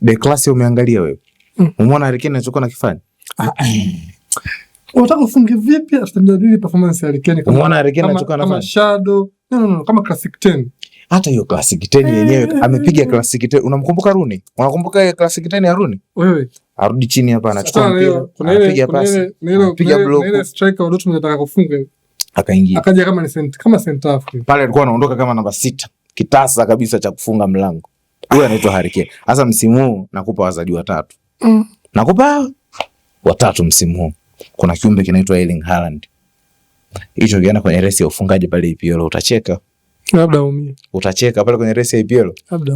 De Klasi umeangalia wewe? Mm. Umeona Harry Kane anachokuwa nakifanya? Ah, ah. Unataka ufunge vipi? Atamjadili performance ya Harry Kane kama umeona Harry Kane anachokuwa anafanya. Kama shadow. No no no, kama classic 10. Hata hiyo classic 10 yenyewe eh, eh, eh, amepiga classic 10. Unamkumbuka Runi? Unakumbuka ile classic 10 ya Runi? Wewe. Arudi chini hapa anachukua mpira. Anapiga pasi. Anapiga block. Ile striker ndio tunataka kufunga. Akaingia. Akaja kama ni center, kama center half. Pale alikuwa anaondoka kama namba sita. Kitasa kabisa cha kufunga mlango huyu anaitwa Harry Kane. Sasa msimu huu nakupa wazaji watatu mm. nakupa watatu msimu huu. Kuna kiumbe kinaitwa Erling Haaland, hicho kiana kwenye resi ya ufungaji pale IPL utacheka labda umie, utacheka pale kwenye resi ya IPL,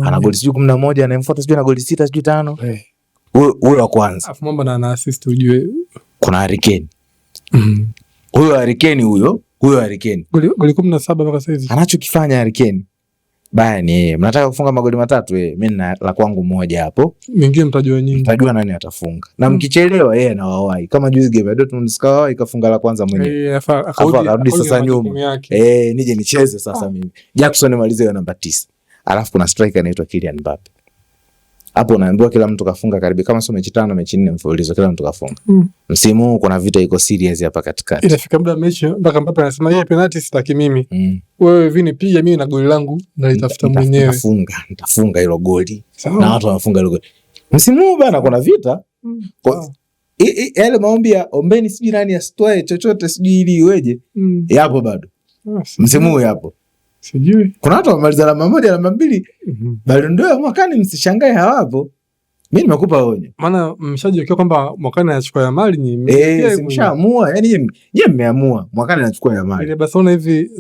ana goli sijui kumi na moja anayemfuata sijui ana goli sita sijui tano eh. huyo wa kwanza, afu mambo na ana assist ujue kuna Harry Kane mm. huyo Harry Kane huyo huyo Harry Kane goli goli kumi na saba mpaka saizi anachokifanya Harry Kane Bani, mnataka kufunga magoli matatu eh, mimi na la kwangu moja hapo. Nyingine mtajua nyingi. Mtajua nani atafunga. Na hmm. mkichelewa yeye anawawai Kama juzi game ya Dortmund sikawahi kafunga la kwanza mwenyewe. Eh, akarudi sasa nyuma. Eh, nije nicheze sasa ah. mimi. Jackson malize na namba 9. Alafu kuna striker anaitwa Kylian Mbappe hapo unaambiwa kila mtu kafunga karibu kama sio mechi tano mechi nne mfululizo kila mtu kafunga. Mm. Msimu huu kuna vita iko serious hapa katikati. Inafika muda mechi eh, mpaka Mbappe anasema yeye penalty sitaki mimi. Mm. Wewe vini pia mimi na goli langu na nitafuta mwenyewe. Nitafunga, nitafunga hilo goli. Na watu wanafunga hilo goli. Msimu huu bana kuna vita. Mm. Kwa yale maombi ya ombeni sijui nani asitoe chochote sijui ili iweje. Mm. Yapo bado. Ah, Msimu huu yapo. Sijui. Kuna watu wamaliza alama moja, alama mbili. Mm-hmm. Bali ndio mwakani msishangae hawapo. Mimi nimekupa onyo. Maana mshajiwekea kwamba mwakani anachukua ya mali ni mimi. Eh, simshaamua. Yaani je, mmeamua mwakani anachukua ya mali. Ile hivi